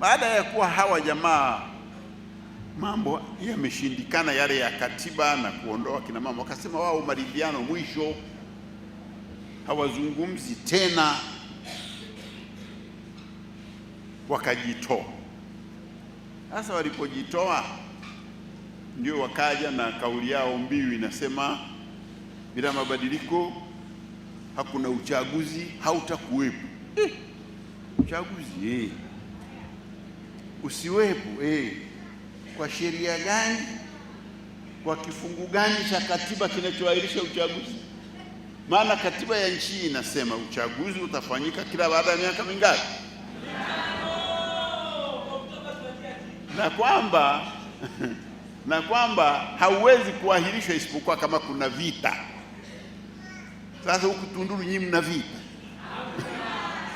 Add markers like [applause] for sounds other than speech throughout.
Baada ya kuwa hawa jamaa mambo yameshindikana yale ya katiba na kuondoa kina mama, wakasema wao maridhiano mwisho, hawazungumzi tena, wakajitoa. Sasa walipojitoa, ndio wakaja na kauli yao mbiu inasema, bila mabadiliko hakuna uchaguzi, hautakuwepo eh, uchaguzi eh usiwepo eh. Kwa sheria gani? Kwa kifungu gani cha katiba kinachoahirisha uchaguzi? Maana katiba ya nchi inasema uchaguzi utafanyika kila baada ya miaka mingapi, na kwamba [laughs] na kwamba hauwezi kuahirishwa isipokuwa kama kuna vita. Sasa huku Tunduru nyinyi mna vita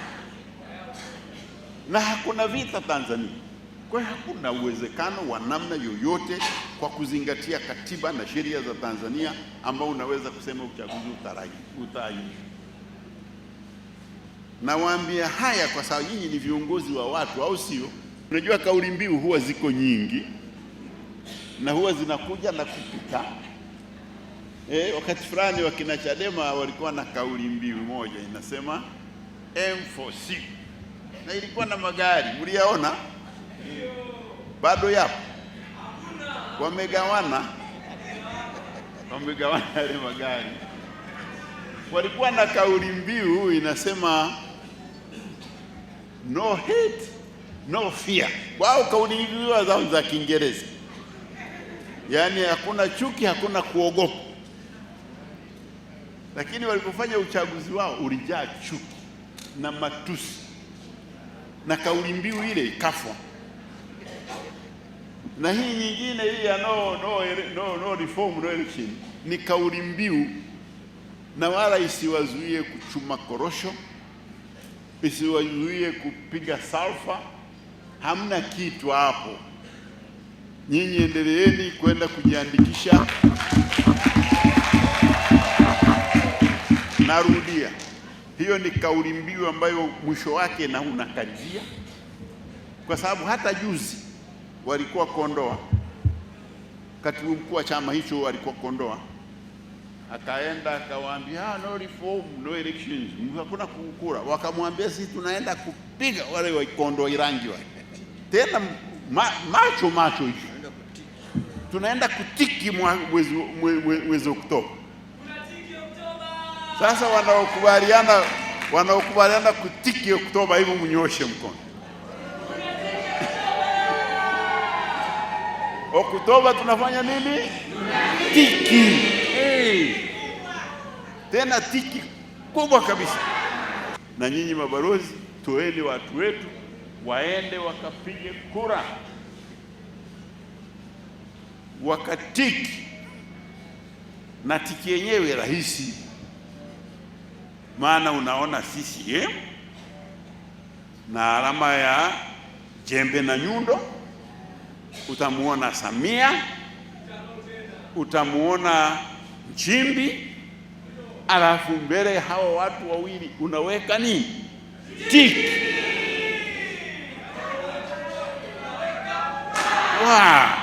[laughs] na hakuna vita Tanzania. Kwa hiyo hakuna uwezekano wa namna yoyote kwa kuzingatia katiba na sheria za Tanzania ambao unaweza kusema uchaguzi utaahirishwa. Nawaambia haya kwa sababu nyinyi ni viongozi wa watu, au sio? Unajua kauli mbiu huwa ziko nyingi na huwa zinakuja na kupita. E, wakati fulani wakina Chadema walikuwa na kauli mbiu moja inasema M4C na ilikuwa na magari mliyaona bado yapo, wamegawana, wamegawana yale magari. Walikuwa na kauli mbiu inasema no hate no fear. Wao kauli mbiu zao za Kiingereza, yaani hakuna chuki, hakuna kuogopa. Lakini walipofanya uchaguzi wao ulijaa chuki na matusi, na kauli mbiu ile ikafwa na hii nyingine hii ya no, no, no, no reform no election ni kauli mbiu, na wala isiwazuie kuchuma korosho, isiwazuie kupiga salfa. Hamna kitu hapo. Nyinyi endeleeni kwenda kujiandikisha. Narudia, hiyo ni kauli mbiu ambayo mwisho wake na unakajia, kwa sababu hata juzi walikuwa Kondoa, katibu mkuu wa chama hicho alikuwa Kondoa, akaenda akawaambia, ah, no reform no elections, hakuna kukura. Wakamwambia sisi tunaenda kupiga wale wa Kondoa Irangi wa tena ma, macho macho hicho, tunaenda kutiki mwezi mwezi Oktoba. Sasa wanaokubaliana wanaokubaliana kutiki Oktoba hivyo mnyoshe mkono Oktoba tunafanya nini? Tiki hey. Tena tiki kubwa kabisa. Na nyinyi mabalozi, toeni watu wetu waende wakapige kura, wakatiki. Na tiki yenyewe rahisi, maana unaona CCM na alama ya jembe na nyundo utamuona Samia, utamuona Nchimbi, alafu mbele hawa watu wawili unaweka nini? Tik. Wow.